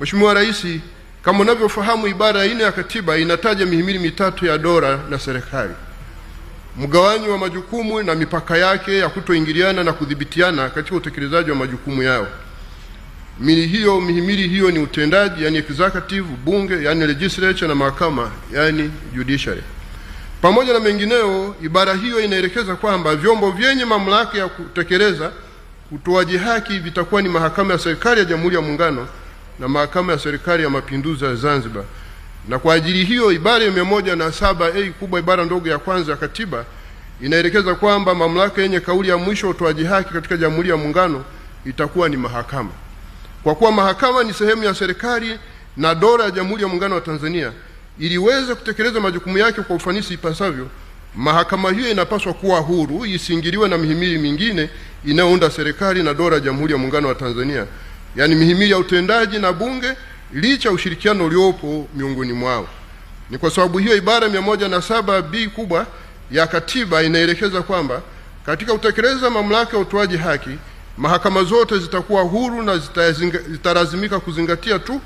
Mheshimiwa Rais, kama unavyofahamu, ibara ya nne ya katiba inataja mihimili mitatu ya dola na serikali, mgawanyo wa majukumu na mipaka yake ya kutoingiliana na kudhibitiana katika utekelezaji wa majukumu yao. Mili hiyo, mihimili hiyo ni utendaji, yani executive, bunge, yani legislature, na mahakama, yani judiciary. Pamoja na mengineo, ibara hiyo inaelekeza kwamba vyombo vyenye mamlaka ya kutekeleza utoaji haki vitakuwa ni mahakama ya serikali ya Jamhuri ya Muungano na mahakama ya serikali ya mapinduzi ya Zanzibar, na kwa ajili hiyo ibara ya mia moja na saba a kubwa ibara ndogo ya kwanza ya katiba inaelekeza kwamba mamlaka yenye kauli ya mwisho utoaji haki katika Jamhuri ya Muungano itakuwa ni mahakama. Kwa kuwa mahakama ni sehemu ya serikali na dola ya Jamhuri ya Muungano wa Tanzania, ili kutekeleza majukumu yake kwa ufanisi ipasavyo, mahakama hiyo inapaswa kuwa huru, isiingiliwe na mihimili mingine inayounda serikali na dola ya Jamhuri ya Muungano wa Tanzania yani mihimili ya utendaji na bunge licha ushirikiano uliopo miongoni mwao. Ni kwa sababu hiyo ibara mia moja na saba b kubwa ya katiba inaelekeza kwamba katika kutekeleza mamlaka ya utoaji haki mahakama zote zitakuwa huru na zitalazimika kuzingatia tu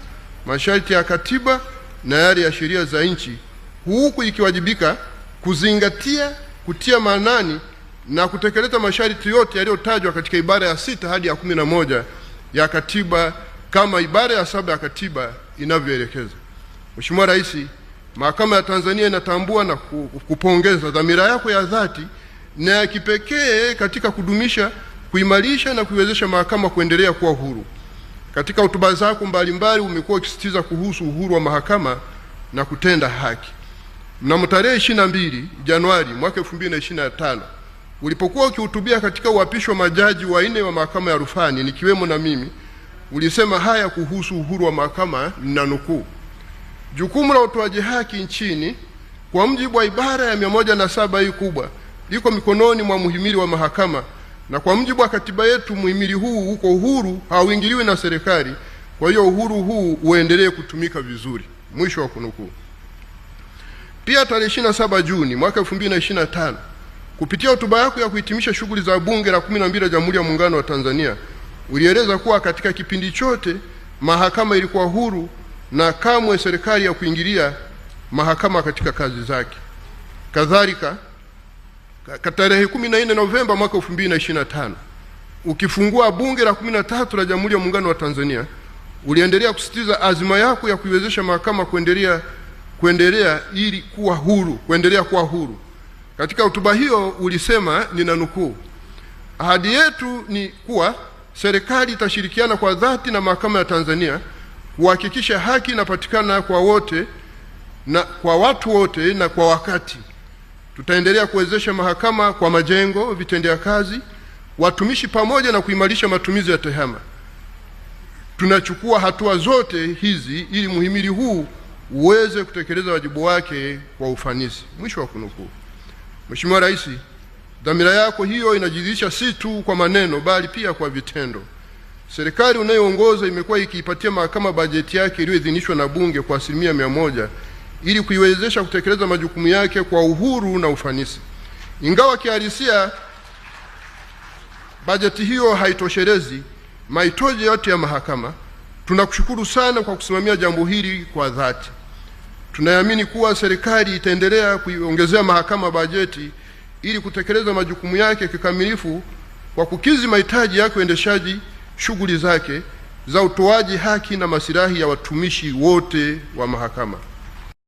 masharti ya katiba na yale ya sheria za nchi, huku ikiwajibika kuzingatia, kutia maanani na kutekeleza masharti yote yaliyotajwa katika ibara ya sita hadi ya kumi na moja ya katiba kama ibara ya saba ya katiba inavyoelekeza. Mheshimiwa Rais, mahakama ya Tanzania inatambua na kupongeza dhamira yako ya dhati na ya kipekee katika kudumisha, kuimarisha na kuiwezesha mahakama kuendelea kuwa huru. Katika hotuba zako mbalimbali umekuwa ukisisitiza kuhusu uhuru wa mahakama na kutenda haki. Mnamo tarehe 22 Januari mwaka 2025 Ulipokuwa ukihutubia katika uapisho majaji wanne wa mahakama ya rufani nikiwemo na mimi, ulisema haya kuhusu uhuru wa mahakama, na nukuu, jukumu la utoaji haki nchini kwa mjibu wa ibara ya mia moja na saba hii kubwa liko mikononi mwa muhimili wa mahakama, na kwa mjibu wa katiba yetu muhimili huu uko uhuru, hauingiliwi na serikali. Kwa hiyo uhuru huu uendelee kutumika vizuri. Mwisho wa kunukuu. Pia tarehe 27 Juni mwaka 2025 Kupitia hotuba yako ya kuhitimisha shughuli za Bunge la kumi na mbili la Jamhuri ya Muungano wa Tanzania ulieleza kuwa katika kipindi chote mahakama ilikuwa huru na kamwe serikali ya kuingilia mahakama katika kazi zake. Kadhalika, tarehe 14 Novemba mwaka 2025 ukifungua Bunge la 13 la Jamhuri ya Muungano wa Tanzania uliendelea kusisitiza azima yako ya kuiwezesha mahakama kuendelea kuendelea ili kuwa huru kuendelea kuwa huru katika hotuba hiyo ulisema, nina nukuu, ahadi yetu ni kuwa serikali itashirikiana kwa dhati na mahakama ya Tanzania kuhakikisha haki inapatikana kwa wote na kwa watu wote na kwa wakati. Tutaendelea kuwezesha mahakama kwa majengo, vitendea kazi, watumishi pamoja na kuimarisha matumizi ya tehama. Tunachukua hatua zote hizi ili muhimili huu uweze kutekeleza wajibu wake kwa ufanisi. Mwisho wa kunukuu. Mheshimiwa Rais, dhamira yako hiyo inajidhihirisha si tu kwa maneno bali pia kwa vitendo. Serikali unayoongoza imekuwa ikiipatia mahakama bajeti yake iliyoidhinishwa na Bunge kwa asilimia mia moja ili kuiwezesha kutekeleza majukumu yake kwa uhuru na ufanisi. Ingawa kihalisia bajeti hiyo haitoshelezi mahitaji yote ya mahakama, tunakushukuru sana kwa kusimamia jambo hili kwa dhati. Tunaamini kuwa serikali itaendelea kuiongezea mahakama bajeti ili kutekeleza majukumu yake kikamilifu kwa kukidhi mahitaji ya uendeshaji shughuli zake za utoaji haki na masilahi ya watumishi wote wa mahakama.